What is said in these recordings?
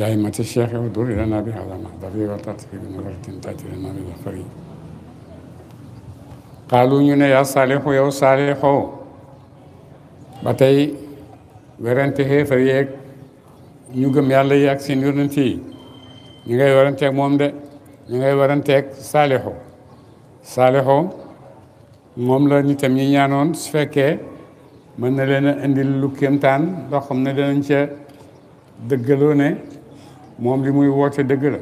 يا أئمة الشيخ ودوا إلينا بهذا المحضر وترتكي بنظرة تأتي لنا بالأخرين قالوا ñu ne yaa saalixu yow saalixu ba tey werante xeefar yeeg ñu gëm yàlla yi ak seen yonent yi ñu ngay weranteeg moom de ñu ngay weranteeg saalixu saalixu moom la nitam ñi ñaanoon su fekkee mën na leen a indil lu kéemtaan loo xam ne danañ ca dëggaloo ne moom li muy woote dëgg la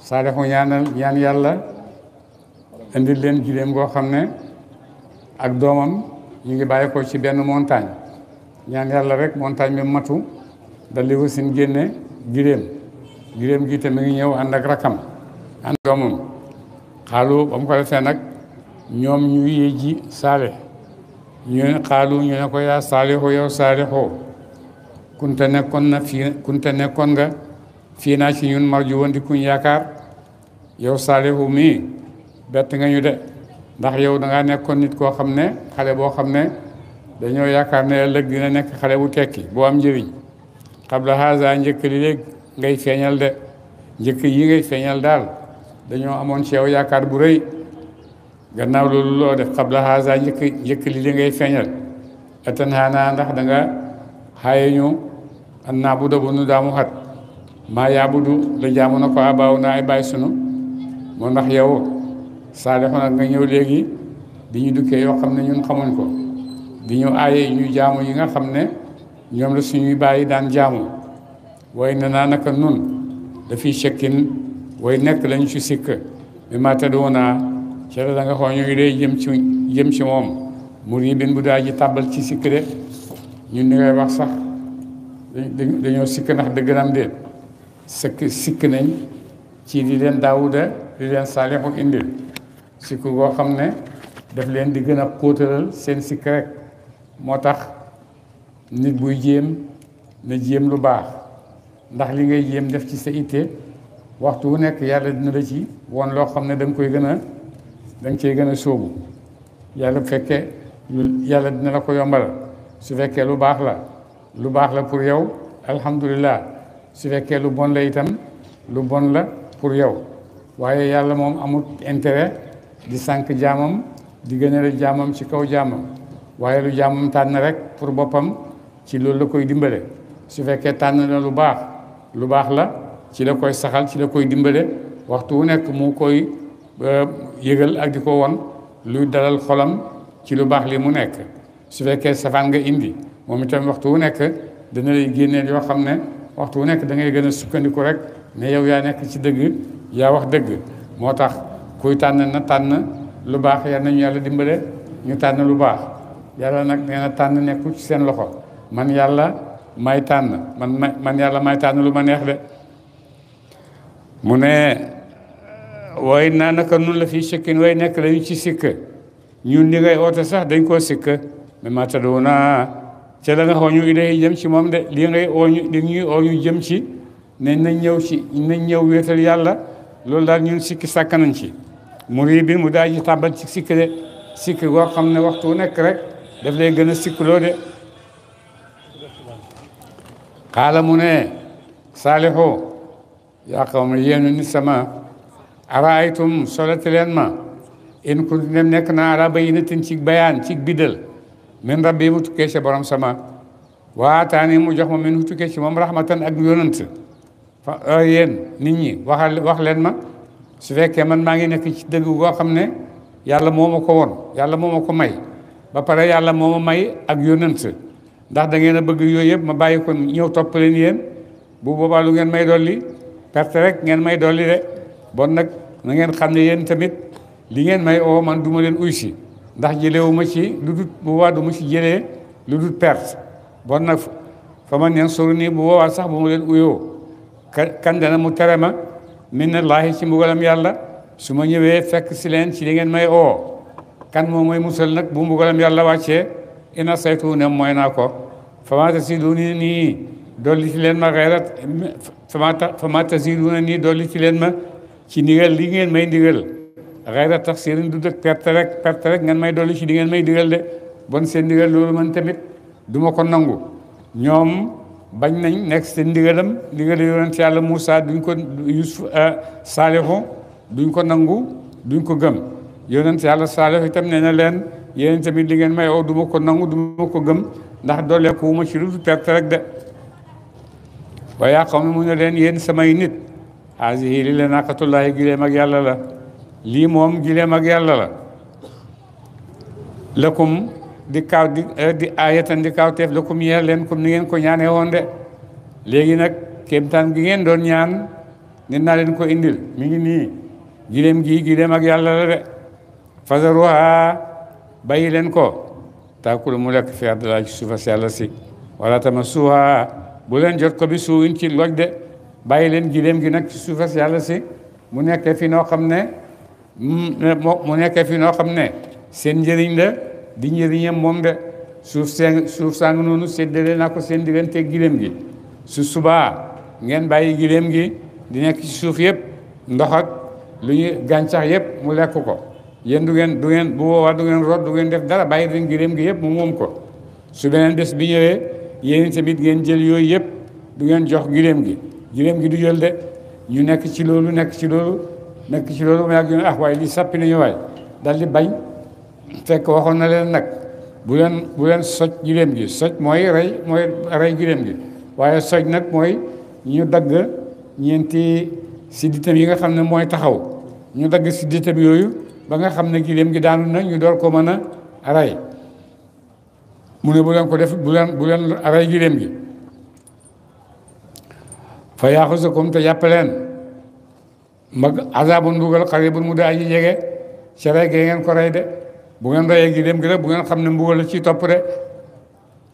Saalixu ñaan yàlla indi leen giléem goo xam ne ak doomam ñu ngi bàyyi ko ci benn montagne ñaan yàlla rek montagne bi matu dal li wasin génne giléem giléem gi te mi ngi ñëw ànd ak rakam ànd doomam xaalu ba mu ko defee nag ñoom ñu yee ji saale ñu ne xaalu ñu ne ko yaa saalixu yow saalixu kunte nekkoon na fii nga fii naa ci ñun marju woon di kuñ yaakaar yow saalihu mii bett nga ñu de ndax yow da ngaa nekkoon nit koo xam ne xale boo xam ne dañoo yaakaar ne ëllëg dina nekk xale bu tekki boo am njëriñ xabla haza njëkk li léeg ngay feeñal de njëkk yi ngay feeñal daal dañoo amoon ci yow yaakaar bu rëy gannaaw loolu loo def xabla haza njëkk njëkk li li ngay feeñal etan xaanaa ndax da nga xaaye ñu an naa bu dabu nu daamu xat maa yaabudu la jaamu na ko abaaw ah, naa ay bàyyi sunu moo ndax yow saalixu nag nga ñëw léegi di ñu dukkee yoo xam ne ñun xamuñ ko di ñu aaye ñu jaamu yi nga xam ne ñoom la ñuy bàyyi daan jaamu waaye na naa naka nun dafiy cekkin way nekk lañu ci sikk bi ma tëddu naa ci la nga ñu ngi dee jëm ci jëm ci moom mur yi bin bu daa ji tàbbal ci sikk de ñun ni wax sax dañoo sikk ndax dëgg naam déet sëkk sikk nañ ci li leen daawuda li leen saalihu indil sikk goo xam ne daf leen di gën a xóotalal seen sikk rek moo tax nit buy jéem na jéem lu baax ndax li ngay jéem def ci sa itte waxtu wu nekk yàlla dina la ci woon loo xam ne da koy gën a da nga gën a sóobu yàlla bu fekkee yàlla dina la ko yombalal su fekkee lu baax la lu baax la pour yow alhamdulilah su fekkee lu bon la itam lu bon la pour yow waaye yàlla moom amul intérêt di sànq jaamam di gënale jaamam ci kaw jaamam waaye lu jaamam tànn rek pour boppam ci loolu la koy dimbale su fekkee tànn na lu baax lu baax la ci la koy saxal ci la koy dimbale waxtu wu nekk mu koy euh, yëgal ak di ko won lu dalal xolam ci lu baax li mu nekk su fekkee safaan nga indi moom itam waxtu wu nekk dana lay génneel yoo xam ne waxtu wu nekk dangay ngay gën a sukkandiku rek ne yow yaa nekk ci dëgg yaa wax dëgg moo tax kuy tànn na tànn lu baax yal nañu yàlla dimbale ñu tànn lu baax yàlla nag nee na tànn nekkul ci seen loxo man yàlla may tànn man ma man yàlla may tànn lu ma neex de mu ne waaye naa naka nun la fii sikkin way nekk lañu ci sikk ñun li ngay oote sax dañ koo sikk mais matadoo naa te da nga ooñu ilay jëm ci moom de li ngay ooñu li ñuy ooñu jëm ci nañ nañ ñëw ci nañ ñëw wéetal yàlla loolu daal ñun sikki sàkkanañ ci murid bi mu daal di tàbbal ci sikki de sikki goo xam ne waxtu nekk rek daf lay gën a sikkloo de xaala mu ne saalixu yaa qawmi yéenu nit sama araaytum solati leen ma in kuntu nekk naa ala bayyinatin ci bayaan ci biddal min bi mu tukkee ci borom sama waataani mu jox ma min mu tukkee ci moom rahmatan ak yonant fa ah, yéen nit ñi waxal wax leen ma su fekkee man maa ngi nekk ci dëgg goo xam ne yàlla moo ma ko woon yàlla moo ko may ba pare yàlla moo ma may ak yonant ndax da ngeen a bëgg yooyu yëpp ma bàyyi ko ñëw topp leen yéen bu boobaa lu ngeen may dolli perte rek ngeen may dolli de bon nag na ngeen xam ne yéen tamit li ngeen may oo man du ma leen uy ndax jëlewu ma ci lu bu boobaa du ci jëlee lu dut perte bon nag fa ma neen sori bu boobaa sax bu ma leen uyoo kan dana mu tere ma min na laahi ci mbugalam yàlla su ma ñëwee fekk si leen ci li ngeen may oo kan moom mooy musal nag bu mbugalam yàlla wàccee ina saytu ne mooy naa ko fama tasiduuna nii dolli ci leen ma xeyrat fama tasiduuna nii dolli ci leen ma ci ndigal li ngeen may ndigal xëy na tax sëriñ du dëkk perte rek perte rek ngeen may dolli ci di ngeen may digal de bon seen digal loolu man tamit du ko nangu ñoom bañ nañ nekk seen ndigalam ndigal yonent yàlla Moussa duñ ko Yusuf euh, Saalihu duñ ko nangu duñ ko gëm yonent yàlla Saalihu itam nee na leen yéen tamit di ngeen may oo oh, du ma ko nangu du ma ko gëm ndax dooleeku ma ci lu perte rek de waaye yaa xam ne mu ne leen yéen samay nit haasihi li leen akatullaahi ak yàlla la lii moom jileem ak yàlla la lakum di kaaw di eh, di aayatan di kaaw teef lakum yee leen comme ni ngeen ko ñaanee woon de léegi nag kéemtaan gi ngeen doon ñaan ne naa leen ko indil mi ngi nii gileem gii gileem ak yàlla la de fazaruha bàyyi leen ko taakul mu lekk fi ardilaa ci suufa si yàlla si wala tamassuha bu leen jot ko bi suuin ci loj de bàyyi leen gileem gi nag ci suufa si yàlla si mu nekk fi noo xam ne mu nekkee fi noo xam ne seen njëriñ la di njëriñam moom de suuf seen suuf sàng noonu séddale naa ko seen diggante gileem gi su subaa ngeen bàyyi gileem gi di nekk ci suuf yëpp ndox ak lu ñuy gàncax yëpp mu lekk ko yéen du ngeen du ngeen bu boobaa du ngeen rot du ngeen def dara bàyyi leen gileem gi yëpp mu moom ko su beneen bés bi ñëwee yéen tamit ngeen jël yooyu yëpp du ngeen jox gileem gi gileem gi du jël de ñu nekk ci loolu nekk ci loolu nekk ci loolu mu yàgg ñu ne ah waaye sàppi nañu waay dal di bañ fekk waxoon na leen nag bu leen bu leen soj giléem gi soj mooy rey mooy rey giléem gi waaye soj nag mooy ñu dagg ñeenti sidditam yi nga xam ne mooy taxaw ñu dagg sidditam yooyu ba nga xam ne giléem gi daanu na ñu door ko mën a rey mu ne bu leen ko def bu leen bu leen rey giléem gi fa yaaxusakum te yàpp leen mag azabun mbugal qaribun mu daa ji jege ci rey gee ngeen ko rey de bu ngeen reyee gi dem gi rek bu ngeen xam ne mbugal la ci topp de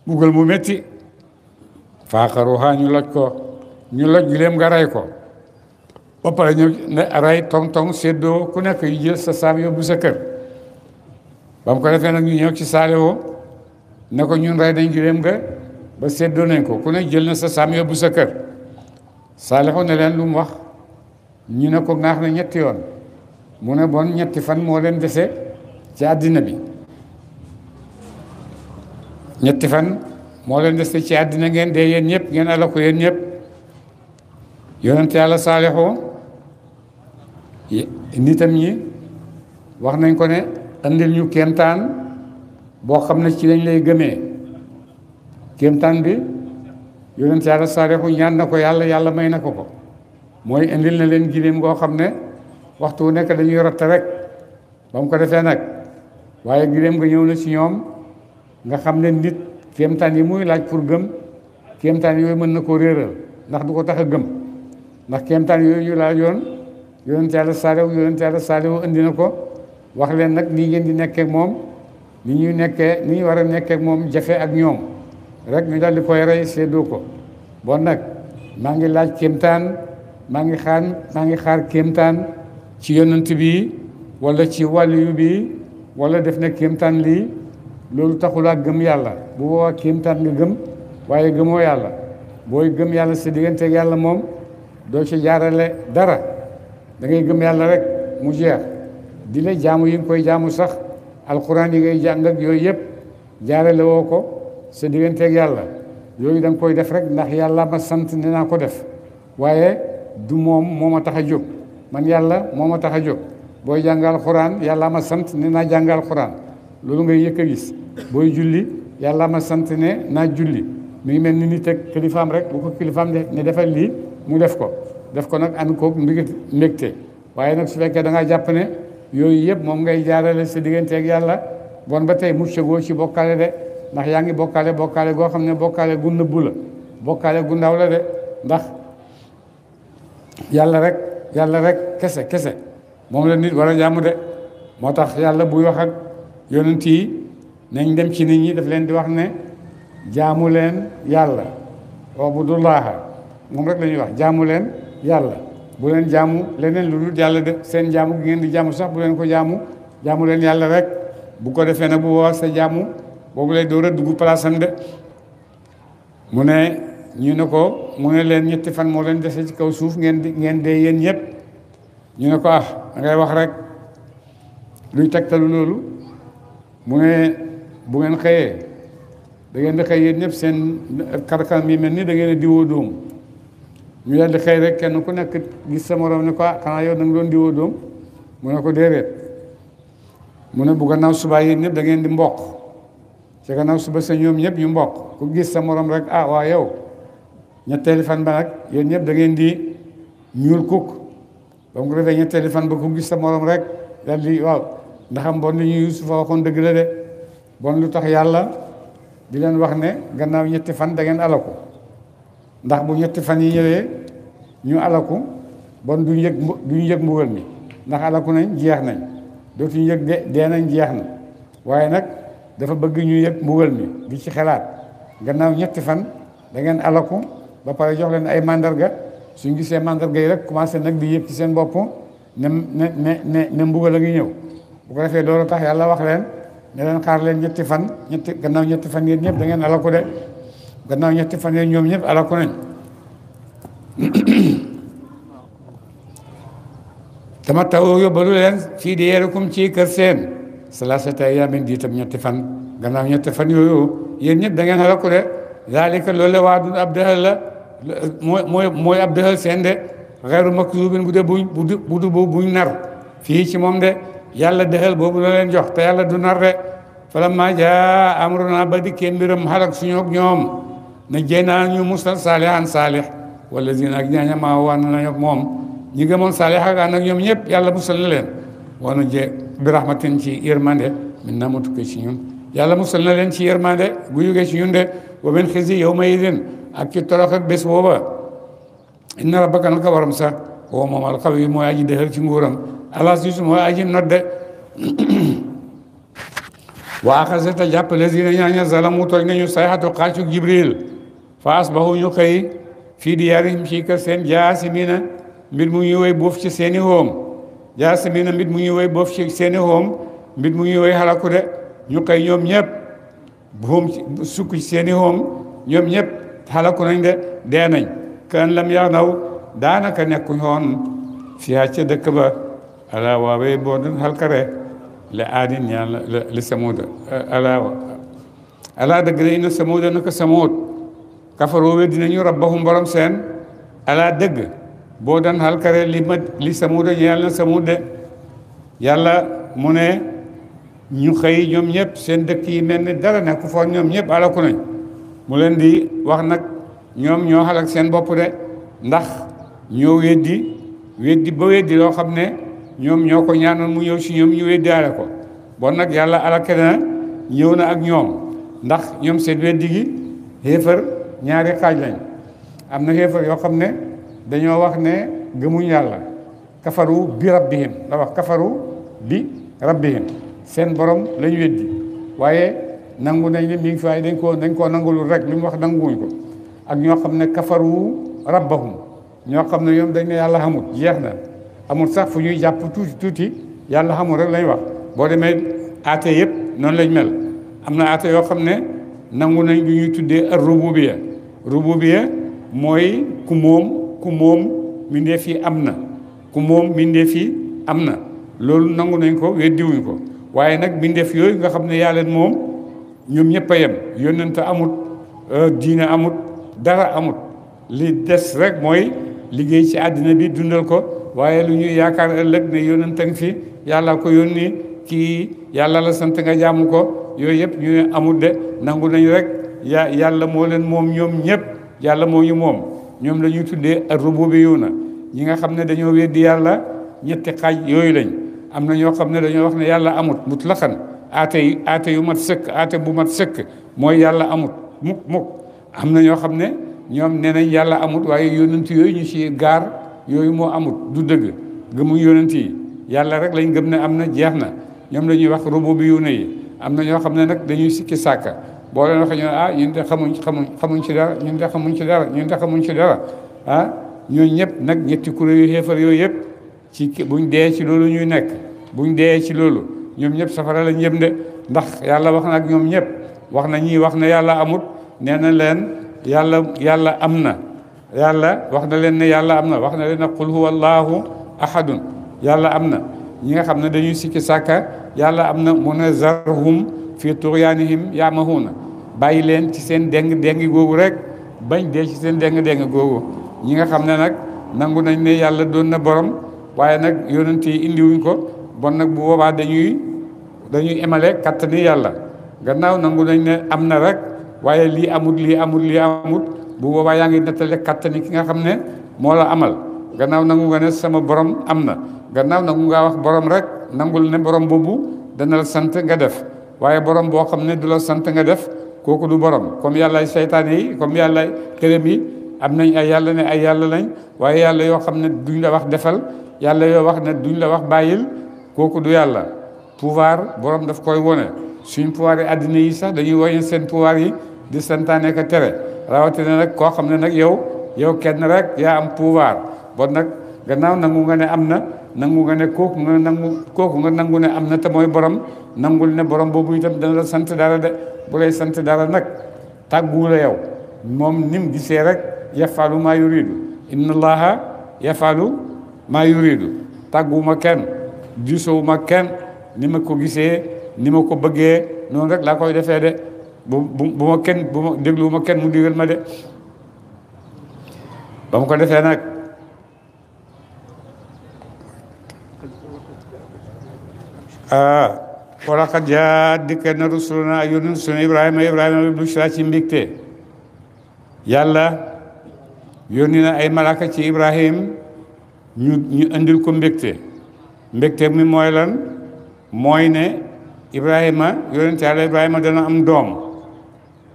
mbugal mu métti faaxaruha ñu loj ko ñu loj gileem nga rey ko ba pare ñu ne rey tong tong séddoo ku nekk yu jël sa saam yóbbu sa kër ko defee nag ñu ñëw ci saale ne ko ñun rey nañ gileem séddoo nañ ko ku ne jël na sa saam yóbbu sa kër saale ko ne leen lu wax ñu ne ko ŋaax na ñetti yoon mu ne bon ñetti fan moo leen dese ci àddina bi ñetti fan moo leen dese ci àddina ngeen dee yéen ñëpp ngeen ala ko yéen ñëpp yonent yàlla saalixu nitam ñi wax nañ ko ne andil ñu kéemtaan boo xam ne ci lañ lay gëmee kéemtaan bi yonent yàlla saalixu ñaan na ko yàlla yàlla may na ko ko mooy indil na leen giléem goo xam ne waxtu wu nekk dañuy ratte rek ba mu ko defee nag waaye giléem nga ñëw na ci ñoom nga xam leen nit kéemtaan yi muy laaj pour gëm kéemtaan yooyu mën na koo réeral ndax du ko tax a gëm ndax kéemtaan yooyu ñu yoon yonent yàlla saaliw yonent yàlla saaliw indi na ko wax leen nag nii ngeen di nekkee moom ni ñuy nekkee ni ñu war a nekkee moom jafe ak ñoom rek ñu daal di koy rey séddoo ko bon nag maa ngi laaj kéemtaan maa ngi xaar maa ngi xaar kéemtaan ci yonent bi walla ci wàlliyu bi wala def na kéemtaan lii loolu taxulaa gëm yàlla bu boobaa kéemtaan nga gëm waaye gëmoo yàlla booy gëm yàlla sa digganteeg yàlla moom doo ci jaarale dara dangay gëm yàlla rek mu jeex di la jaamu yi nga koy jaamu sax alxuraan yi ngay jàng yooyu yëpp jaarale woo ko sa digganteeg yàlla yooyu da koy def rek ndax yàlla ma sant ne naa ko def waaye du moom moo ma tax a jóg man yàlla moo ma tax a jóg booy jàngal xuraan yàlla ma sant ne naa jàngal xuraan loolu ngay yëkk a gis booy julli yàlla ma sant ne naa julli mi ngi mel ni nit ak kilifaam rek bu ko kilifaam ne defal lii mu def ko def ko nag ànd kook mbig mbégte waaye nag su fekkee da ngaa jàpp ne yooyu yëpp moom ngay jaarale sa diggante ak yàlla bon ba tey mucc goo ci bokkaale de ndax yaa ngi bokkaale bokkaale goo xam ne bokkaale gu nëbbu la bokkaale gu ndaw la ndax yàlla rek yàlla rek kese kese moom la nit war a jaamu de moo tax yàlla buy wax ak yonent yi nañ dem ci ni ñi daf leen di wax ne jaamu leen yàlla wabudullaha moom rek la ñuy wax jaamu leen yàlla bu leen jaamu leneen lu dul yàlla de seen jaamu gi ngeen di jaamu sax bu leen ko jaamu jaamu leen yàlla rek bu ko defee nag bu boobaa sa jaamu boobu lay door a dugg palaasam de mu ne ñu ne ko mu ne leen ñetti fan moo leen dese ci kaw suuf ngeen ngeen dee yéen ñëpp ñu ne ko ah ngay wax rek luy tegtalu loolu mu ne bu ngeen xëyee da ngeen di xëy yéen ñëpp seen karkan yi mel ni da ngeen di diwoo doom ñu daal di xëy rek kenn ku nekk gis sa morom ne ko ah xanaa yow da nga doon diwoo doom mu ne ko déedéet mu ne bu gannaaw suba yéen ñëpp da ngeen di mbokk ci gannaaw suba sa ñoom ñëpp ñu mbokk ku gis sa morom rek ah waa yow ñetteeli fan ba nag yéen ñëpp dangeen ngeen di ñuul kuk ba mu ko defee ñetteeli fan ba ku gis sa morom rek dal di waaw ndaxam bon li ñu Yuusufa waxoon tax yàlla di leen wax ne gannaaw ñetti fan dangeen ngeen alaku ndax bu ñetti fan yi ñëwee ñu alaku bon duñ yëg duñ yëg mbugal mi ndax alaku nañ jeex nañ dootuñu yëg de dee nañ jeex na waaye nag dafa bëgg ñu yëg mbugal mi di ci xalaat gannaaw ñetti fan dangeen ngeen alaku ba pare jox len ay mandarga ngi gisee mandarga yi rek commencé nak di yëg ci sen bop ne ne ne ne mbuga la ngi ñew bu ko do loolu tax yalla wax len ne len xaar len ñetti fan ñetti gannaaw ñetti fan yéen ñepp da ngeen alako de gannaaw ñetti fan yéen ñom ñepp alako nañ tama taw yóbbalu len fii di yeerukum ci kër seen salaasata di tam ñetti fan gannaaw ñetti fan yooyu yeen ñepp da ngeen alako de zalika lolé wadun waa mooy mooy mooy ab dëxal seen de xeeru maksuubin bu dee buñ bu du buñ nar fii ci moom de yàlla dëxal boobu la leen jox te yàlla du nar de falammaa jaa amrunaa ba dikkee mbiram xalak suñu ak ñoom na jey naa ñu musal saalihan saalih wala zina ak ñaaña maa waan nañu ak moom ñi gëmoon saalih ak ànd ñoom ñëpp yàlla musal na leen wana je bi rahmatin ci yërmande min na mu ci ñun yàlla musal na leen ci yërmande gu yugee ci ñun de wa min xisi yow ma yidin ak ci torox ak bés booba inna rabbaka naka waram sax woo moom alqawi mooy aji dëxal ci nguuram alasis mooy aji nodde waa xase ta jàpp lazina ñaaña zalamu tooñ nañu sayxatu xaacuk jibril fa asbahu ñu xëy fii diyaarihim ci kër seen jaasimina mbir mu ñuy woy boof ci seeni hoom jaasimina mbir mu ñuy woy boof ci seeni hoom mbir mu ñuy woy xalaku de ñu xëy ñoom ñëpp hoom sukk seeni hoom ñoom ñëpp halaku nañ de dee nañ kan lam yax naw daanaka nekkuñ woon fiyaa ca dëkk ba ala waawee boo doon xalkare la aadin ñaan la le samuuda ala ala dëgg la inna samuuda naka samuud kafaroo we dinañu rabbahum borom seen ala dëgg boo doon xalkare li ma li samuuda ñaan la samuud de yàlla mu ne ñu xëy ñoom ñëpp seen dëkk yi mel ni dara nekku foon ñoom ñëpp alaku nañ mu leen di wax nag ñoom ñoo xalak seen bopp de ndax ñoo weddi weddi ba weddi loo xam ne ñoom ñoo ko ñaanoon mu ñëw si ñoom ñu weddaale ko bon nag yàlla alake na ñëw na ak ñoom ndax ñoom seen weddi gi xéefar ñaari xaaj lañ am na xéefar yoo xam ne dañoo wax ne gëmuñ yàlla kafaru bi rabbihim la wax kafaru bi rabbihim seen borom lañu weddi waaye nangu nañ ne mi ngi fi waaye dañ koo dañ koo nangulul rek li mu wax nanguwuñ ko ak ñoo xam ne kafaru rabbahum ñoo xam ne ñoom dañ ne yàlla xamul jeex na amul sax fu ñuy jàpp tuuti tuuti yàlla xamul rek lañ wax boo demee aate yëpp noonu lañ mel am na aate yoo xam ne nangu nañ lu ñuy tuddee ak rububiya rububiya mooy ku moom ku moom mbindeef yi am na ku moom mbindeef yi am na loolu nangu nañ ko weddiwuñ ko waaye nag mbindeef yooyu nga xam ne yàlla moom ñoom ñëpp a yem yónnante amut euh, diine amut dara amut li des rek mooy liggéey ci àddina bi dundal ko waaye lu ñuy yaakaar ëllëg ne yónnante fi yàlla ko yónni ki yàlla la sant nga jaamu ko yooyu yëpp ñu amut de nangu nañ rek ya yàlla moo leen moom ñoom ñëpp yàlla moo ñu moom ñoom la ñuy tuddee rububiyuuna ñi nga xam ne dañoo weddi yàlla ñetti xaaj yooyu lañ am na ñoo xam ne dañoo wax ne yàlla amut mutlaqan aate yi aate yu mat sëkk aate bu mat sëkk mooy yàlla amut muk muk am na ñoo xam ne ñoom nee nañ yàlla amut waaye yonent yooyu ñu ci gaar yooyu moo amut du dëgg gëmuñ yonent yi yàlla rek lañ gëm ne am na jeex na ñoom la ñuy wax rubu bi yu ne yi am na ñoo xam ne nag dañuy sikki sàkka boo leen waxee ñu ne ah ñun xamuñ xamuñ xamuñ ci dara ñun de xamuñ ci dara ñun de xamuñ ci dara ah ñooñu ñëpp nag ñetti kuréel yu xeefar yooyu yëpp ci buñ dee ci loolu ñuy nekk buñ dee ci loolu ñoom ñëpp safara lañ yëm de ndax yàlla wax na ak ñoom ñëpp wax na ñii wax na yàlla amut nee na leen yàlla yàlla am na yàlla wax na leen ne yàlla am na wax na leen ne qul huwa allahu ahadun yàlla am na ñi nga xam ne dañuy sikki sàkka yàlla am na mu ne zarhum fii tuxyaanihim na bàyyi leen ci seen déng-déng googu rek bañ dee ci seen déng-déng googu ñi nga xam ne nag nangu nañ ne yàlla doon na borom waaye nag yonent yi indiwuñ ko bon nag bu boobaa dañuy dañuy emale kattani yàlla gannaaw nangu nañ ne am na rek waaye lii amut lii amut lii amut bu boobaa yaa ngi nettale kattani ki nga xam ne moo la amal gannaaw nangu nga ne sama borom am na gannaaw nangu ngaa wax borom rek nangul ne borom boobu dana la sant nga def waaye borom boo xam ne du la sant nga def kooku du borom comme yàlla seytaan yi comme yàlla këram yi am nañ ay yàlla ne ay yàlla lañ waaye yàlla yoo xam ne duñ la wax defal yàlla yoo wax ne duñ la wax bàyyil kooku du yàlla pouvoir borom daf koy wone suñ pouvoir yi àddina yi sax dañuy woñe seen pouvoir yi di santaane ka tere rawatina rek koo xam ne nag yow yow kenn rek yaa am pouvoir bon nag gannaaw nangu nga ne am na nangu nga ne kooku nga nangu kooku nga nangu ne am na te mooy borom nangul ne borom boobu itam dana la sant dara de bu lay sant dara nag tàggu la yow moom ni mu gisee rek yafalu maa yuridu inna allaha yafalu maa yuridu tàgguwuma kenn diisoowu ma kenn ni ma ko gisee ni ma ko bëggee noonu rek laa koy defee de bu bu ma kenn kenn mu digal ma de ba mu ko defee nag a ah, walaxat ja dikkee na rusuluna yónun sunu ibrahima ibrahima bi bushra ci mbégte yàlla yónni na ay malaka ci ibrahim ñu ñu indil ko mbégte mbégte mi mooy lan mooy ne Ibrahima yonent Yàlla Ibrahima dana am doom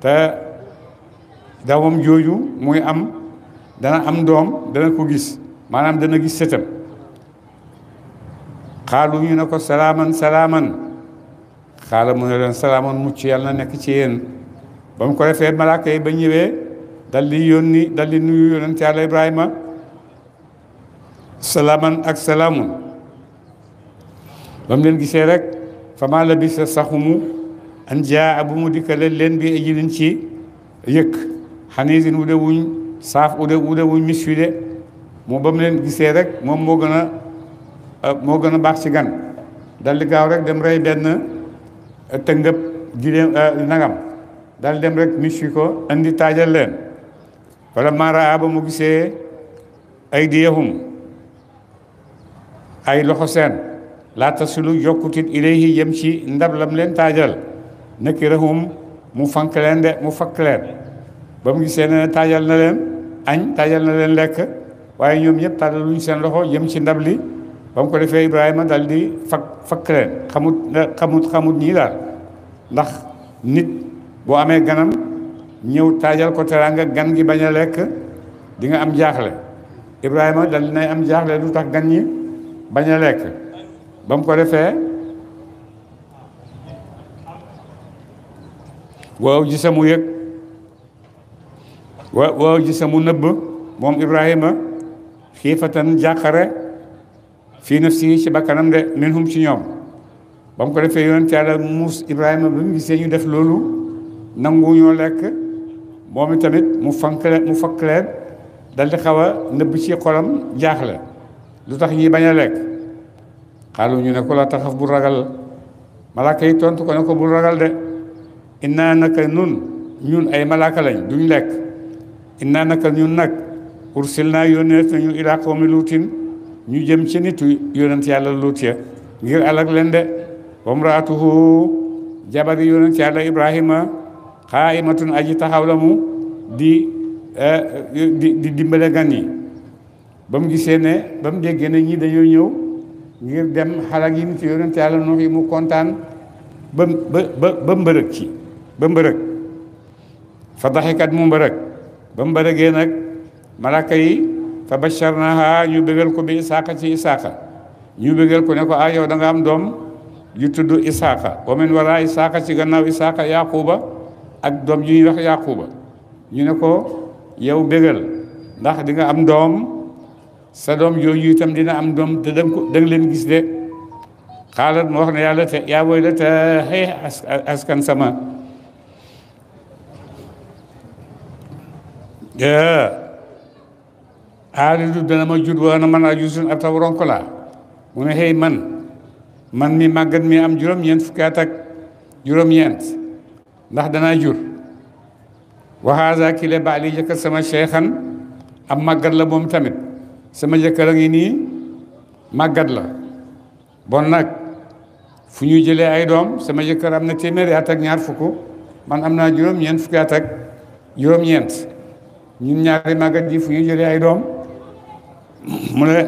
te doomam jooju muy am dana am doom dana ko gis maanaam dana gis sëtam xaalu ñu na ko salaaman salaaman xaala mu ne leen mu mucc yàlla na nekk ci yéen ba mu ko defee malaaka ba ñëwee dal di yónni dal di nuyu yonent Yàlla Ibrahima salaaman ak salaamun ba mu leen gisee rek fama la bi sa saxumu an jaa bu mu dikkale leen bi ajilin ci yëkk xaniisin ude wuñ saaf ude ude wuñ mis yu de moo ba mu leen gisee rek moom moo gën a euh, moo gën a baax ci gan dal di gaaw rek dem rey benn euh, tëngëb giléem euh, nagam dal dem rek mis yu ko andi taajal leen wala mara ba mu gisee ay diyahum ay loxo seen laa tasilu yokkutit ilayhi yem ci ndab lam leen taajal nakirahum mu fank leen de mu fakk leen ba mu gisee ne taajal na leen añ taajal na leen lekk waaye ñoom ñëpp taajal luñ seen loxo yem ci ndab li ba mu ko defee Ibrahima dal di fakk fakk leen xamut xamut xamut ñii daal ndax nit boo amee ganam ñëw taajal ko teraanga gan gi bañ a lekk dinga am jaaxle Ibrahima dal dinay am jaaxle lu tax gan ñi bañ a lekk bam ko defé waw ji mu yek waw waaw gisa mu nëbb ibrahima khifatan jaqara fi nafsi ci bakkanam de minhum ci ñom bam ko defé yoon ci yàlla muus ibrahima bu ngi seenu def lolu nangu ñoo lek momi tamit mu fank mu fakk dal di xawa neub ci xolam jaaxle lutax ñi baña lek xaalu ñu ne ko la taxaf bul ragal malaaka yi tontu ko ne ko bul ragal de innaa nun ñun ay malaaka duñ lekk innaa naka ñun nag ursil naa yónnees nañu ilaa qawmi luutin ñu jëm ci nitu yónent yàlla luut ya ngir alak leen de wamraatuhu jabari yónent yàlla ibrahima xaa'imatun aji taxaw la mu eh, di di dimbale gan yi ba mu gisee ne ba mu déggee ne ñii dañoo ñëw ngir dem xalaat yi mu ci yonent yàlla Nuux mu kontaan ba ba mbërëg ci ba mbërëg fa daxikat mu mbërëg ba mbërëgee nag malaka yi fa basharnaha ñu bégal ko bi Isaaqa ci Isaaqa ñu bégal ko ne ko ah yow da nga am doom ju tudd Isaaqa wa min wara Isaaqa ci gannaaw Isaaqa Yaquba ak doom ju ñuy wax Yaquba ñu ne ko yow bégal ndax di am doom sa doom jooju itam dina am doom da danga leen gis de xaalat mu wax ne yàlla te yaa booy la te xëy askan sama aaridu dana ma jur wa na man a jusun ab taw ronk mu ne xëy man man mi màggat mi am juróom-ñeent fukki at ak juróom-ñeent ndax danaa jur waxaasa kile baali jëkkat sama cheikhan am màggat la moom tamit sama jëkkër ini ngi nii màggat la bon nag fu ñu jëlee ay doom sama jëkkër am na téeméeri at ak ñaar fukk man am naa juróom-ñeent fukki at ak juróom-ñeent ñun ñaari màggat fu ñu ay doom mu ne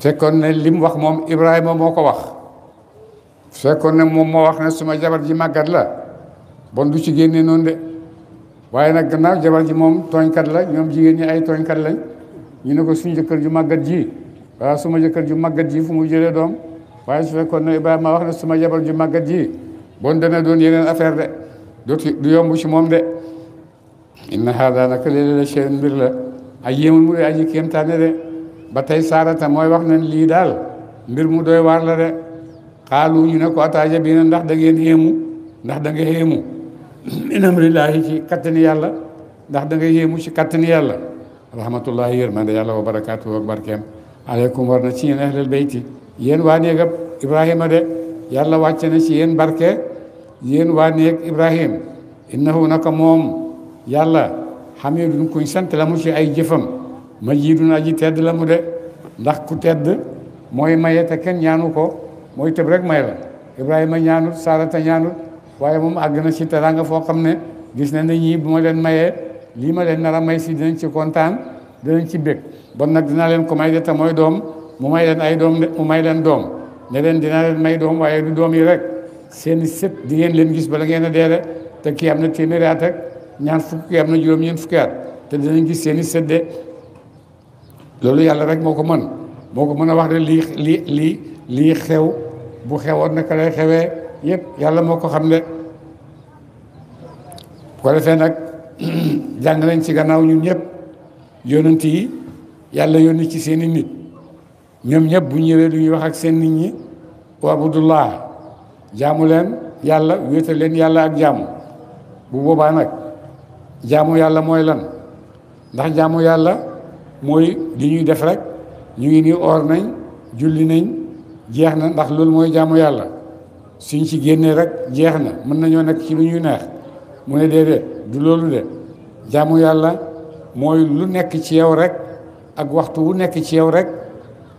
fekkoon ne lim wax mom Ibrahima moo ko wax fekkoon ne moom moo wax ne suma jabar ji màggat la bon du ci génne noonu de waaye nag gannaaw jabar ji moom tooñkat la ñoom jigéen ñi ay tooñkat lañ ñu ne ko suñu jëkkër ju màggat ji waaw suma jëkkër ju màggat ji fu mu jëlee doom waaye su fekkoon ne Ibrahima wax ne suma jabar ju màggat ji bon dana doon yeneen affaire de dootu du yomb ci moom de inna haada naka léeg la seen mbir la ay mu dee aji kéemtaane de ba tey saarata mooy wax nañ lii daal mbir mu doy waar la de xaalu ñu ne ko ataaja bi na ndax da yen yéemu ndax da nga min amrillaahi ci kattani yàlla ndax da ngay yéemu ci kattani yàlla rahmatullahi yërmande yàlla wa barakaatu ak barkeem aleykum war na ci yéen ahlal beyti yéen waa néegab ibrahima de yàlla wàcce na ci yéen barke yéen waa néeg ibrahim naka moom yàlla xamidun kuñ sant la mu ci ay jëfam majiidun aji tedd la mu de ndax ku tedd mooy maye te kenn ñaanu ko mooy tëb rek may la ibrahima ñaanut sarata ñaanut waaye moom àgg na ci teranga foo xam ne gis nañ ne ñii bu ma leen mayee lii ma leen nar a may si dinañ ci kontaan dinañ ci bég bon nag dinaa leen ko may de te mooy doom mu may leen ay doom mu may leen doom ne leen dinaa leen may doom waaye du doom yi rek seeni sët di ngeen leen gis bala ngeen a deere te kii am na téeméeri at ak ñaar na juróom-ñeent te dinañ gis seen i loolu yàlla rek moo ko mën moo ko mën a wax ne lii lii lii lii xew bu xewoon naka lay xewee. yëpp yàlla moo ko xam ne bu nag jàng nañ ci gannaaw ñun ñëpp yonent yi yàlla yónni ci seeni nit ñoom ñëpp bu ñëwee du ñuy wax ak seen nit ñi wa abudullah jaamu leen yàlla wéetal leen yàlla ak jaamu bu boobaa nag jaamu yàlla mooy lan ndax jaamu yàlla mooy li ñuy def rek ñu ngi nii oor nañ julli nañ jeex na ndax loolu mooy jaamu yàlla suñ ci génnee rek jeex na mën nañoo nekk ci lu ñuy neex mu ne déedéet du loolu de jaamu yàlla mooy lu nekk ci yow rek ak waxtu wu nekk ci yow rek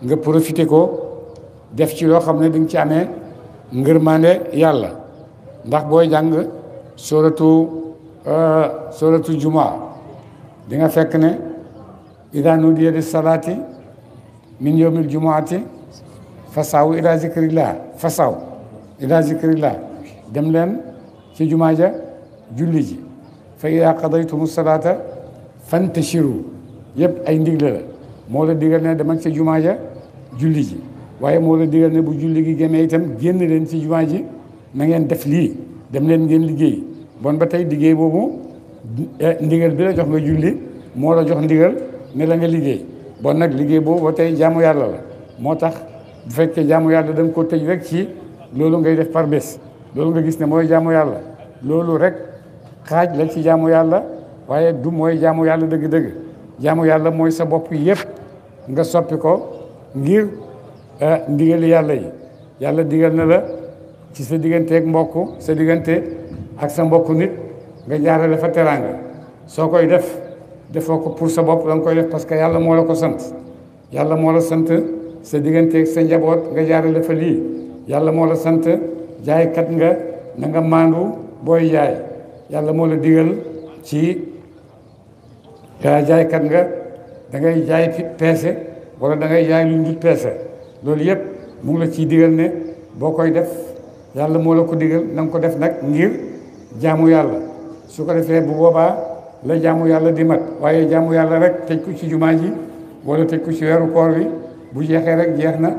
nga profité ko def ci loo xam ne di ci amee ngërmande yàlla ndax booy jàng suratu euh, suratu jumaa di nga fekk ne ida nudiya di salaati min yawmil jumaati fasaw ila zikrillah fasaw ila zikrillah dem leen ci jumaa ja julli ji fa ida qadaytumu salaata fantashiru yëpp ay ndigle la moo la digal ne dem ak jumaa ja julli ji waaye moo la digal ne bu julli gi gémee itam génn leen ci jumaa ji na ngeen def lii dem leen ngeen liggéey bon ba tey liggéey boobu eh, ndigal bi la jox nga julli moo la jox ndigal ne la nga liggéey bon nag liggéey boobu ba tey jaamu yàlla la moo tax bu fekkee jaamu yàlla da ko tëj rek ci loolu ngay def par bés loolu nga gis ne mooy jaamu yàlla loolu rek xaaj la ci jaamu yàlla waaye du mooy jaamu yàlla dëgg-dëgg jaamu yàlla mooy sa bopp yëpp nga soppi ko ngir eh, ndigali yàlla yi yàlla digal na la ci sa digganteeg mbokk sa diggante ak sa mbokk nit nga jaarale fa teraanga soo koy def defoo ko pour sa bopp da nga koy def parce que yàlla moo la ko sant yàlla moo la sant sa digganteeg sa njaboot nga jaarale fa lii yàlla moo la sant jaaykat nga na nga maandu booy jaay yàlla moo la digal ci jaaykat nga dangay jaay fi peese wala dangay jaay lu ñu peese loolu yëpp mu la ci digal ne boo koy def yàlla moo la ko digal na ko def nag ngir jaamu yàlla su ko defee bu boobaa la jaamu yàlla di mat waaye jaamu yàlla rek tëj ko ci jumaa ji wala tëj ci weeru koor wi bu jeexee rek jeex na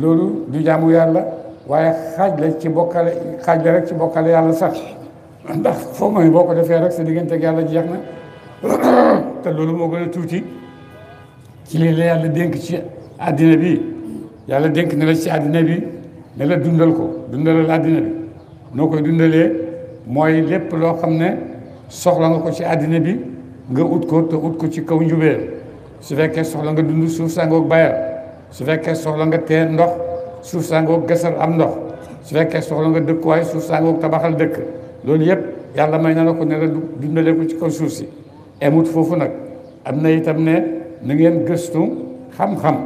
loolu du jaamu yàlla waaye xaaj la ci bokkale xaaj la rek ci bokkale yàlla sax ndax foo mooy boo ko defee rek sa diggante ak yàlla jeex na te loolu moo gën a tuuti ci lii la yàlla dénk ci àddina bi yàlla dénk na la ci àddina bi ne la dundal ko dundalal àddina bi noo koy dundalee mooy lépp loo xam ne soxla nga ko ci àddina bi nga ut ko te ut ko ci kaw njubee su fekkee soxla nga dund suuf sangoog bayal su fekkee soxla nga teen ndox suuf sangoog gasal am ndox su fekkee soxla nga waaye suuf sangoog tabaxal dëkk loolu yëpp yàlla may na la ko ne la dundale ko ci kaw suuf si emut foofu nag am na tam ne na ngeen gëstu xam-xam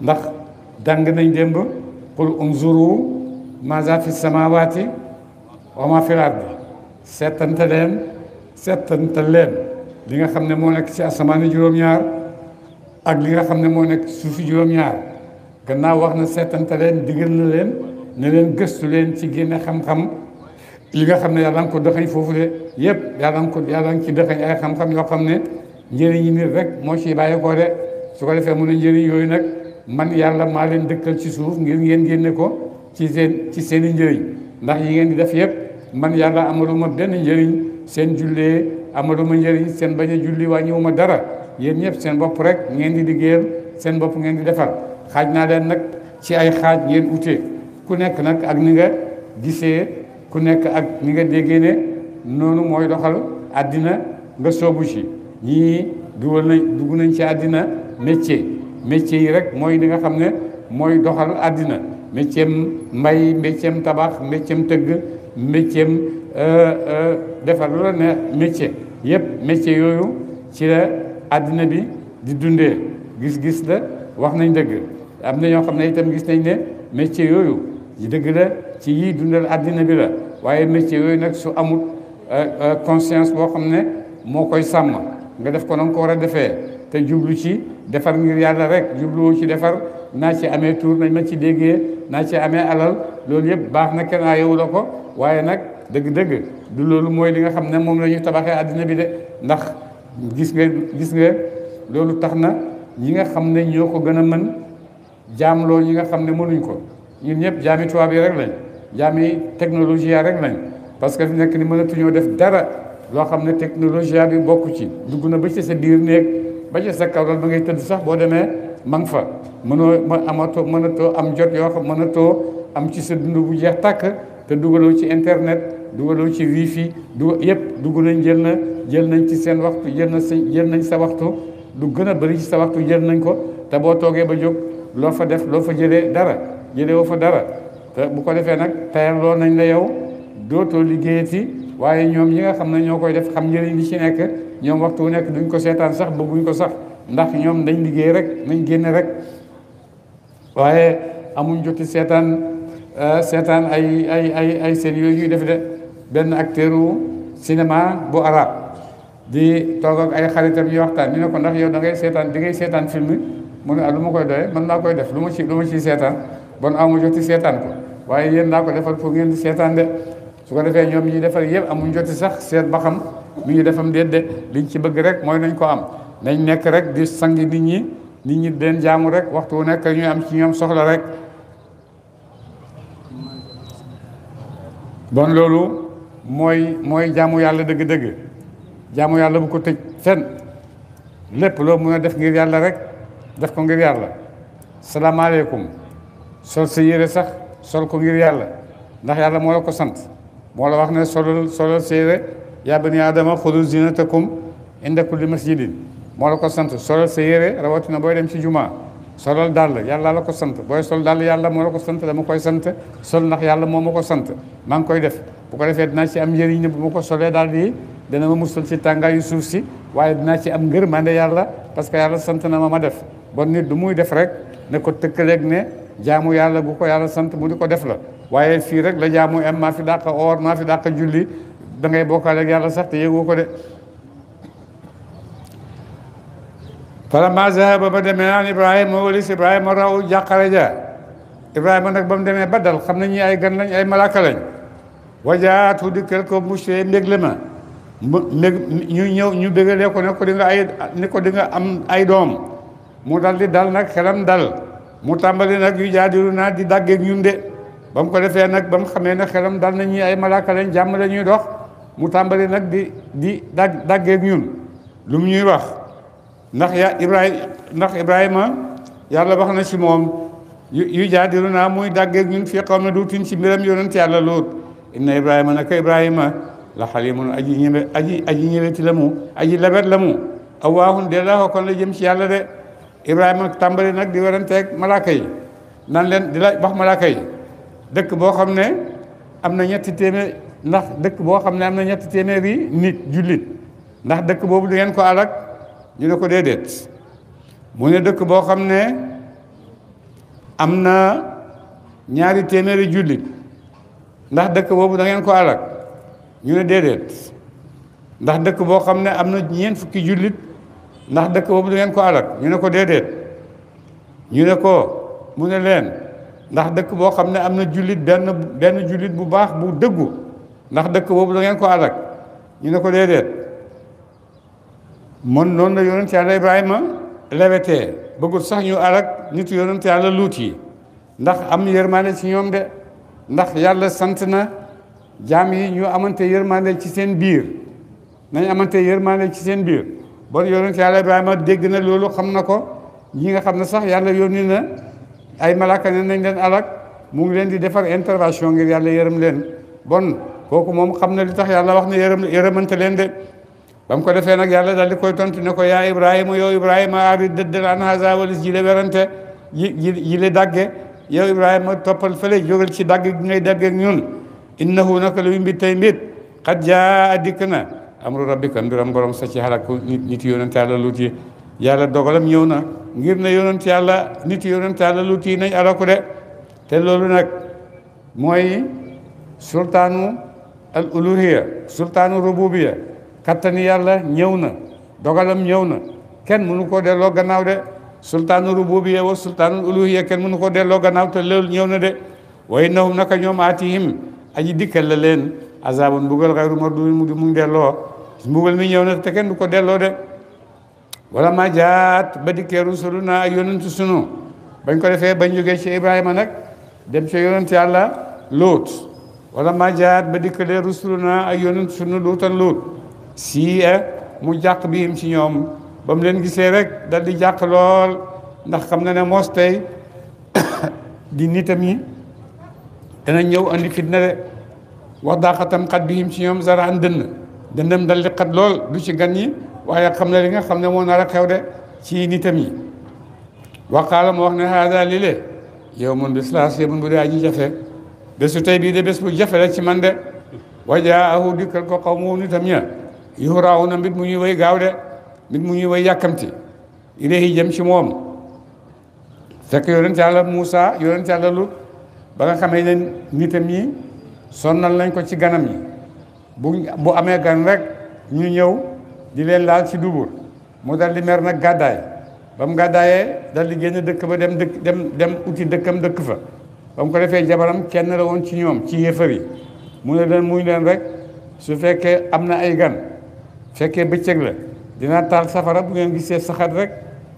ndax jàng nañ démb qul unzuru maza fi samawaati wa ma fi ardi seetante leen seetante leen li nga xam ne moo nekk ci asamaani juróom-ñaar ak li nga xam ne moo nekk ci suufi juróom-ñaar gannaaw wax na seetante leen digal na leen ne leen gëstu leen ci génne xam-xam yi nga xam ne yàlla nga ko dëxañ foofu de yëpp yàlla nga ko yàlla nga ci dëxañ ay xam-xam yoo xam ne njëriñ yi nit rek moo ciy bàyyeekoo de su ko defee mu ne njëriñ yooyu nag man yàlla maa leen dëkkal ci suuf ngir ngeen génne ko ci seen ci seen i njëriñ ndax yi ngeen di def yëpp man yàlla amaluma benn njëriñ seen jullee ma njëriñ seen bañ a julli wàññiwuma dara yéen ñëpp seen bopp rek ngeen di liggéeyal seen bopp ngeen di defar xaaj naa leen nag ci ay xaaj ngeen utee ku nekk nag ak ni nga gisee ku nekk ak ni nga déggee ne noonu mooy doxal àddina nga soobu ci ñii dugal nañ dugg nañ ci àddina métier métier yi rek mooy li nga xam ne mooy doxal àddina métier mbay métier tabax métier tëgg métier euh, euh, defar lu la métier yëpp métier yooyu ci la àddina bi di dundee gis-gis la wax nañ dëgg am na ñoo xam ne itam gis nañ ne métier yooyu dëgg la ci yii dundal àddina bi la waaye métier yooyu nag su amul euh, euh, conscience boo xam ne moo koy sàmm nga def ko na ko war a defee te jublu ci defar ngir yàlla rek jubluwoo ci defar naa ci amee tur nañ ma ci déggee naa ci amee alal loolu yëpp baax na kenn yow la ko waaye nag dëgg-dëgg du loolu mooy li nga xam ne moom la ñu tabaxee àddina bi de ndax gis nga gis nga loolu tax na ñi nga xam ne ñoo ko gën a mën jaamloo ñi nga xam ne mënuñ ko ñun ñëpp jaami tubaab yi rek lañ jaami technologie ya rek lañ parce que nekk ni mënatuñoo def dara loo xam ne technologie bi bokk ci dugg na ba ci sa biir néeg ba ci sa kaw ba ngay tëdd sax boo demee ma fa mënoo ma amatoo mënatoo am jot yoo xam mënatoo am ci sa dund bu jeex tàkk te dugaloo ci internet dugaloo ci wifi du yëpp dugg nañ jël na jël nañ ci seen waxtu jël na sa jël nañ sa waxtu du gën a bëri ci sa waxtu jël nañ ko te boo toogee ba jóg loo fa def loo fa jëlee dara jëlee woo fa dara bu ko defee nag tayal loo nañ la yow dootoo liggéeyati waaye ñoom ñi nga xam ne ñoo koy def xam njëriñ li ci nekk ñoom waxtu wu nekk duñ ko seetaan sax bëgguñ ko sax ndax ñoom dañ liggéey rek nañ génne rek waaye amuñ joti seetaan euh, seetaan ay ay ay ay seen yooyu ñuy def de benn acteur cinéma bu arab di toog ak ay xaritam yi waxtaan ñu ne ko ndax yow da ngay seetaan di ngay seetaan film mu ne ah lu ma koy doyee mën naa koy def lu ma ci lu ma ciy seetaan bon amu joti seetaan ko waaye yéen naa ko defal pour ngeen di seetaan de su ko defee ñoom mi ñu defal yëpp amuñ joti sax seet ba xam mi ngi defam déet de liñ ci bëgg rek mooy nañ ko am nañ nekk rek di sang nit ñi nit ñi den jaamu rek waxtu wu nekk ñuy am ci ñoom soxla rek bon loolu mooy mooy jaamu yàlla dëgg-dëgg jaamu yàlla bu ko tëj fenn lépp loo mën a def ngir yàlla rek def ko ngir yàlla salaamaaleykum sol sa yére sax sol ko ngir yàlla ndax yàlla moo la ko sant moo la wax ne solal solal sa yére yaa bani aadama xudu zinatakum inda kulli masjidin moo la ko sant solal sa yére rawatina booy dem ci jumaa solal dàll yàlla la ko sant booy sol dàll yàlla moo la ko sant dama koy sant sol ndax yàlla moo ma ko sant maa ngi koy def bu ko defee dinaa ci am njëriñ ne bu ma ko solee dàll yi dana ma musal ci tàngaayu suuf si waaye dinaa ci am ngërmande yàlla parce que yàlla sant na ma def bon nit du muy def rek ne ko tëkkaleeg ne jaamu yàlla gu ko yàlla sant mu di ko def la waaye fii rek la jaamu am maa fi dàq oor maa fi dàq julli da ngay bokkaaleeg yàlla sax te yëgoo ko de falamma zahaba ba demee naan ibrahima walis ibrahima raw jàqare ja ibrahima nag ba mu demee ba dal xam na ñi ay gan lañ ay malaaka lañ wajaatu dikkal ko musee mbégle ma ñu ñëw ñu bégalee ko ko ne ko di nga am ay doom mu dal di dal nag xelam dal mu tàmbali nag yu jaadiru naa di dàggeeg ñun de ba ko defee nag ba mu xamee ne xelam dal na ñuy ay malaaka lañ jàmm la ñuy dox mu tàmbali nag di di dagg dàggeeg lu mu ñuy wax ndax ya Ibrahima ndax Ibrahima yàlla wax na si moom yu jaadiru naa muy dàggeeg ñun fii xaw du duutin ci mbiram yonent yàlla lool inna Ibrahima naka Ibrahima la xalimun aji ñëwe aji aji ñëweti la mu aji labet la mu awwaahun delloo kon la jëm si yàlla de ibrahima tàmbali nag di waranteeg malaaka yi nan leen di laaj wax malaaka dëkk boo xam ne am na ñetti téeméer ndax dëkk boo xam ne am na ñetti téeméer yi jullit ndax dëkk boobu du ngeen ko alak ñu ne ko déedéet mu ne dëkk boo xam ne am na ñaari téeméeri jullit ndax dëkk boobu da ngeen ko alak ñu ne déedéet ndax dëkk boo xam ne am na ñeent fukki jullit ndax dëkk boobu du ko alak ñu ne ko déedéet ñu ne ko mu ne leen ndax dëkk boo xam ne am na jullit benn benn jullit bu baax bu dëggu ndax dëkk boobu da ko alak ñu ne ko déedéet man noonu la yonent yàlla Ibrahima lewetee bëggul sax ñu alak nit yonent yàlla luut yi ndax am yërmande ci ñoom de ndax yàlla sant na jaam yi ñu amante yërmande ci seen biir nañ amante yërmande ci seen biir bon yonent yàlla Ibrahima dégg na loolu xam na ko ñi nga xam ne sax yàlla yónni na ay malaaka ne nañ leen alak mu ngi leen di defar intervention ngir yàlla yërëm leen bon kooku moom xam na li tax yàlla wax ne yërëm yërëmante leen de ba mu ko defee nag yàlla daal di koy tontu ne ko yaa Ibrahima yow Ibrahima aari dëddal an haza walis ji le werante ji ji le dagge yow Ibrahima toppal fële jógal ci dagg gi ngay daggeeg ñun innahu naka lu mbi tey mbit xat jaa dikk am amru rabbika mbiram borom sa ci xalaat ko nit nit yonent yàlla lut yi yàlla dogalam ñëw na ngir ne yonent yàlla nit yonent yàlla lut yi nañ alaku de te loolu nag mooy sultaanu al uluhiya sultaanu rububiya kattani yàlla ñëw na dogalam ñëw na kenn mënu koo delloo gannaaw de sultaanu rububiya wa sultaanul uluhiya kenn mënu koo delloo gannaaw te lool ñëw na de way nahum naka ñoom aatihim aji dikkal la leen azabun bugal xayru mardudin mu di mu delloo mbugal mi ñëw na te kenn du ko delloo de wala ma jaat ba dikkee rusuluna ak yonentu sunu bañ ko defee bañ jógee ci Ibrahima nag dem ci yonent yàlla Luut wala ma jaat ba dikkee rusuluna ak yonentu sunu luutan luut si eh, mu jàq biim ci ñoom ba mu leen gisee rek dal di jàq lool ndax xam na ne moos tey di nitam yi dana ñëw andi fitna de wax daa xatam xat biim ci ñoom zaraan dënn dëndam dal di xat lool du ci gan ñi waaye xam na li nga xam ne moo nar a xew de ci nitam yi waqaala moo wax ne haada lii yow mun bis laa si mun bu dee aji jafe bésu tey bii de bés bu jafe la ci man de wajaahu dikkal ko xaw mu nitam ña yuhraawu na mbit mu ñuy way gaaw de mbit mu ñuy way yàkkamti ilayhi jëm ci moom fekk yonent yàlla Muusa yonent yàlla Lut ba nga xamee ne nitam yi sonnal nañ ko ci ganam yi bu bu amee gan rek ñu ñëw di leen laal ci dubur mu dal mer nag gàddaay ba mu gàddaayee dal di génn dëkk ba dem dëkk dem dem uti dëkkam dëkk fa ba ko defee jabaram kenn la woon ci ñoom ci yéefar yi mu ne leen muy leen rek su fekkee am na ay gan fekkee bëccëg la dina taal safara bu ngeen gisee saxaat rek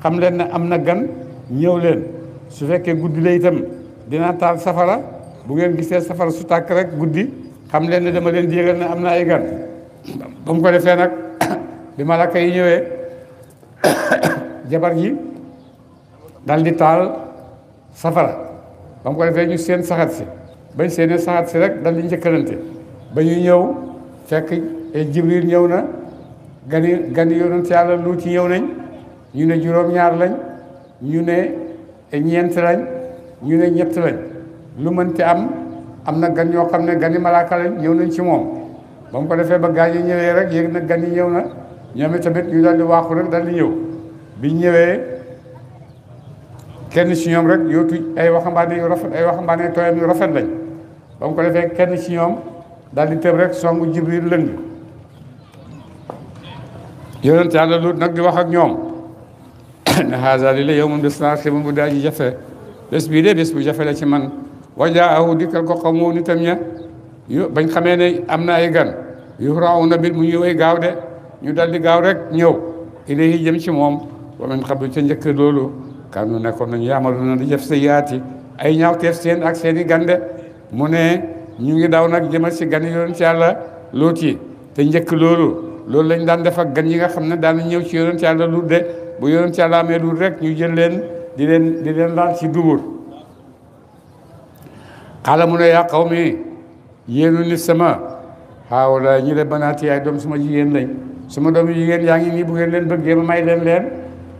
xam leen ne am na gan ñëw leen su fekkee guddi la itam dina taal safara bu ngeen gisee safara su tàkk rek guddi xam leen ne dama leen di yëgal ne am na ay gan ba mu ko defee nag bi malaka yi ñëwee jabar ji dal di taal safara ba mu ko defee ñu seen saxaat si bañ seen saxat si rek dal di njëkkalante ba ñu ñëw fekk eh, jibril ñëw na gani gani yonent yàlla lu ci ñëw nañ ñu ne juróom-ñaar lañ ñu ne eh, ñeent lañ ñu ne ñett lañ lu mënti am am na gan ñoo xam ne gani malaaka lañ ñëw nañ ci moom ba mu ko defee ba gaa yi ñëwee rek yéeg na gan yi ñëw na ñoom tamit ñu daal di waaxu rek daal di ñëw biñ ñëwee kenn rek yootu ay waxambaane yu rafet ay waxambaane tooyam rafet lañ ba mu ko daal di tëb rek songu jibril lëng yonent yàlla Luut nag di wax ak ñoom ne xaasaali la yow moom des naa xi bu daa ji jafe bés bii de bés bu jafe la ci man wajaahu dikkal ko xamoo nitam ña bañ xamee ne am na ay gan yu yufrau na bit mu ñuy way gaaw de ñu dal di gaaw rek ñëw i ilayhi jëm ci moom wa man xablu ca njëkk loolu kanu nekkoon nañu yaamalu na di jëf sa yaati ay ñaawteef seen ak seen i gande mu ne ñu ngi daw nag jëmal si gan yoon ci yàlla loot yi te njëkk loolu loolu lañ daan def gan yi nga xam ne daan ñëw ci yoon ci yàlla luut de bu yoon ci yàlla amee luut rek ñu jël leen di leen di leen laal ci dubur xaala mu ne yaa xaw mi yéenu nit sama xaawala ñi le banaati yaay doom suma jigéen lañ suma doom jigéen yaa ngi nii bu leen bëggee may leen leen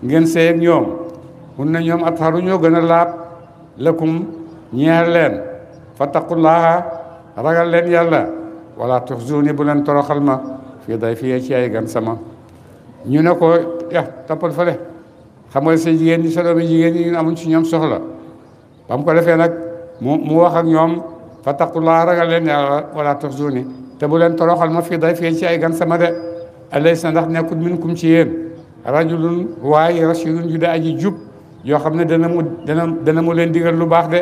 ngeen sey ak ñoom mun na ñoom atharu ñoo gën a laab lakum ñeer leen fattaqullaaha ragal leen yàlla wala tuxzuuni bu leen toroxal ma fii day fii ci ay gan sama ñu ne ko ya toppal fale xam nga sa jigéen ñi sa doomi jigéen ñi ñun amuñ ci ñoom soxla ba mu ko defee nag mu mu wax ak ñoom fa taqulaa ragal leen yàlla wala taxzuni te bu leen toroxal ma fii day ci ay gan sama de alaysa ndax nekkul minkum ci yéen rajulun waaye rashidun ju aji jub yoo xam ne dana mu dana dana mu leen digal lu baax de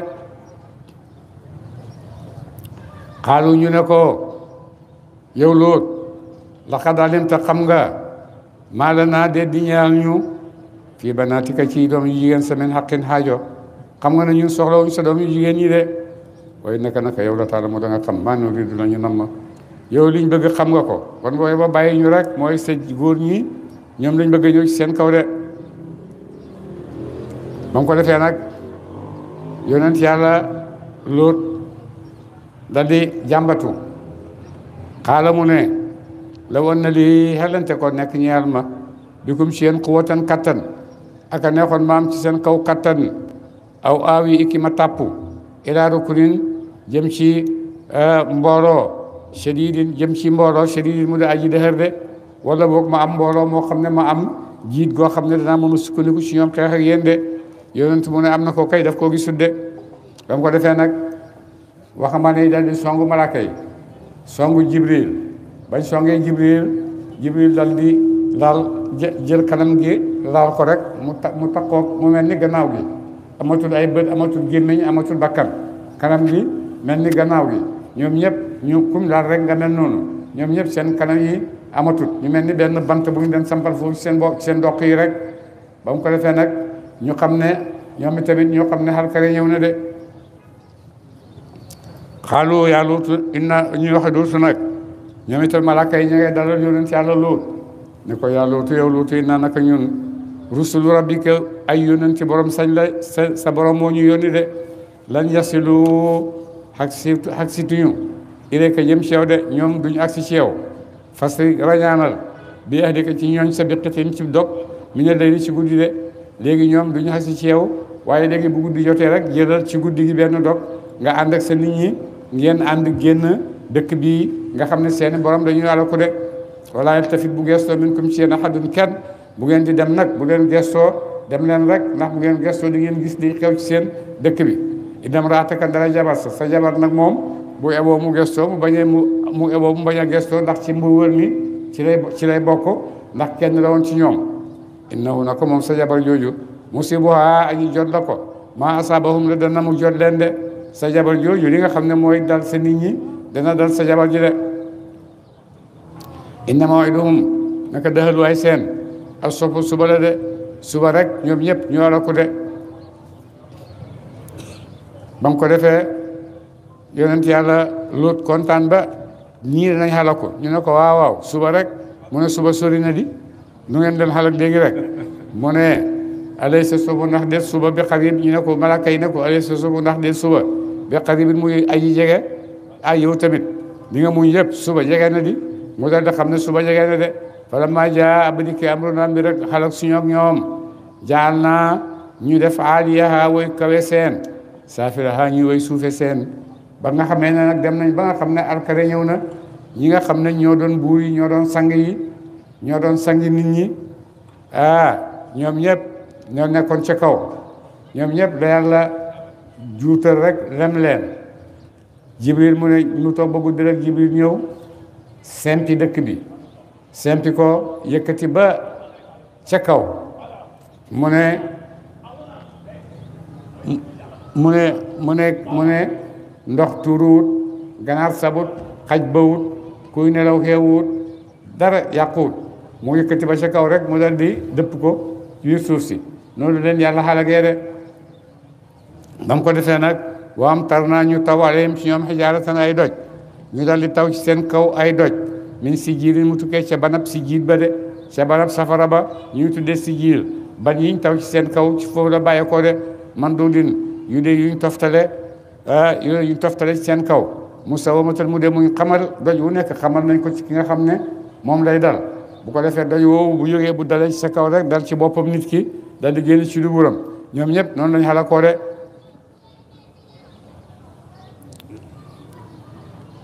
xaalu ñu ne ko yow lool laqad alimta xam nga maa la naa dee di ñaal ñu fii banaatika ci doom jigéen semaine xaqin xaajo xam nga na ñun soxlawuñ sa doom yu jigéen ñi de waaye naka naka yow la taala moo da nga xam maano ri du nañu nam ma yow liñ bëgg xam nga ko kon booy ba bàyyi rek mooy sa góor ñi ñoom lañ bëgg ñu ci seen kaw de ba ko defee nag yonent yàlla lóot dal di jàmbatu xaala mu ne la woon na li xelante ko nekk ñeel ma bikum ci yéen xuwatan kattan aka neexoon maam ci seen kaw kattan aw aawi ikima tappu ilaa rukunin jëm ci eh, mbooloo shadidin jëm ci mbooloo shadidin mu di aji dëxër de wala boog ma am mbooloo moo xam ne ma am jiit goo xam ne danaa mën a sukkandiku ci ñoom xeex ak yéen de yonent mu ne am na ko kay def koo gisul de dam defee nag waxambaane yi dal di songu malaaka yi songu jibril bañ songee jibril jibril dal di laal jël gi laal ko rek mu ta mu takkoog mu mel ni gannaaw gi amatul ay bët amatul gémmiñ amatul bakkan kanam gi mel ni gannaaw gi ñoom ñëpp ñu kum daal rek nga mel noonu ñoom ñëpp seen kanam yi amatul ñu mel ni benn bant bu den sampal foofu seen bo seen doq yi rek ba mu ko defee nag ñu xam ne ñoom tamit ñoo xam ne xarkare ñëw na de xaalu yaa luut inna ñuy waxe duutu nag ñoom itam malaaka yi ñu ngay dalal yonent yàlla luut ne ko yaa luutu yow luutu inna naka ñun rusulu rabbika ay yónent ci borom sañ la sa sa borom moo ñu yónni de lan yasilu xag si xag si tuñu ilayka jëm ci yow de ñoom duñu agsi ci yow fas rañaanal bi ahdika ci ñooñ sa biqitin ci dog mi ne day ci guddi de léegi ñoom duñu agsi ci yow waaye léegi bu guddi jotee rek jëlal ci guddi gi benn dog nga ànd ak sa nit ñi ngeen ànd génn dëkk bii nga xam ne seeni borom dañu yàlla ko de wala yaltafit bu geestoo minkum ci yéen ahadun kenn bu ngeen di dem nag bu leen gestoo dem leen rek ndax bu ngeen gestoo di ngeen gis nii xew ci seen dëkk bi idam raataka dara jabar sa sa jabar nag moom bu eboo mu gestoo mu bañee mu mu eboo gestoo ndax ci mu mi ci lay ci lay bokk ndax kenn la woon ci ñoom innahu na ko moom sa jabar jooju musibuha aji jot la ko ma maa asaabahum la dana mu jot leen de sa jabar jooju li nga xam ne mooy dal sa nit ñi dana dal sa jabar ji de inna maw'iduhum naka dëxaluwaay seen a sopp suba la de suba rek ñoom ñëpp ñu la ko de ba mu ko defee yonent yàlla lóot kontaan ba ñii dinañ xalak ko ñu ne ko waaw waaw suba rek mu ne suba sori na di nu ngeen doon xalak léegi rek mu ne alaysa suba ndax de suba bi xarib ñu ne ko malaka yi ne ko alaysa suba ndax de suba bi xarib muy ayi jege ay yow tamit li nga muñ yëpp suba jege na di mu dal da ne suba jege na de falamma abdi ba dikkee amruna bi rek xalak suñu ak ñom kawesen ñu def aaliyaha way sen safira ha ñu way suufe sen ba nga xamé ne dem nañ ba nga xamné alkare na ñi nga xamné ño doon yi doon sang yi ño doon sang nit ñi ah ñom ñep ño nekkon ci kaw ñom ñep da yalla juutal rek lem leen jibril mu ne ñu toog bëggu guddi jibril ñew senti dëkk bi sempi ko yëkkati ba ca kaw mu ne mu ne mu ne mu ne ndox tuuruwut ganaar sabut xaj bawut kuy nelaw xeewut dara yàquwut mu yëkkati ba ca kaw rek mu dal di dëpp ko biir suuf si noonu leen yàlla xalagee de ba mu ko defee nag waam tar naa ñu taw aleem si ñoom xijaaratan ay doj ñu dal di taw ci seen kaw ay doj min si jiilin mu tukkee ca banab si jiil ba de ca banab safara ba ñu tuddee si jiil ban yiñ taw ci seen kaw ci foofu la bàyyeekoo de man du din yu toftale yu de ah, toftale ci seen kaw mu sawamatal mu de mu xamal doj wu nekk xamal nañ ko ci ki nga xam ne moom lay dal bu ko defee doj woowu bu jógee bu dalee ci sa kaw rek dal ci boppam nit ki dal di génn ci duburam ñoom ñëpp noonu lañ xalakoo de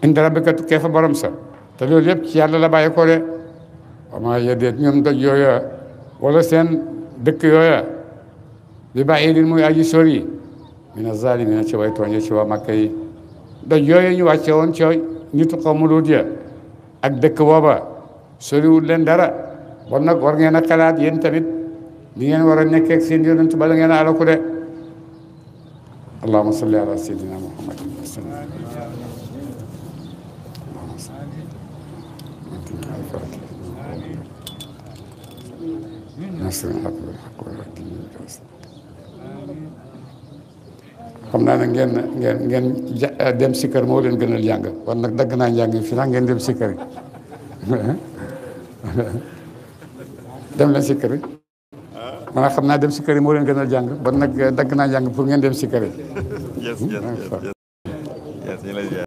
inda rabbika tukkee fa borom sa te loolu yëpp ci yàlla la bàyyi ko de wama yedeet ñoom doj yooya wala seen dëkk yooya bi bàyyi din muy aji sori mina zalimina ci way tooñe ci waa Makka yi doj yooya ñu wàcce woon ci nitu xawmu Luut ya ak dëkk booba soriwul leen dara bon nag war ngeen a xalaat yéen tamit li ngeen war a nekkeek seen yonent bala ngeen a alaku de allahumma salli ala sayyidina muhammad nasrul haq ngeen ngeen ngeen eh, dem si kër moo leen gënal jàng kon nag dagg naa njàng fi naa ngeen dem si kër dem kër man dem kër leen gënal jàng ban eh, jàng pour ngeen dem kër yes yes yes yes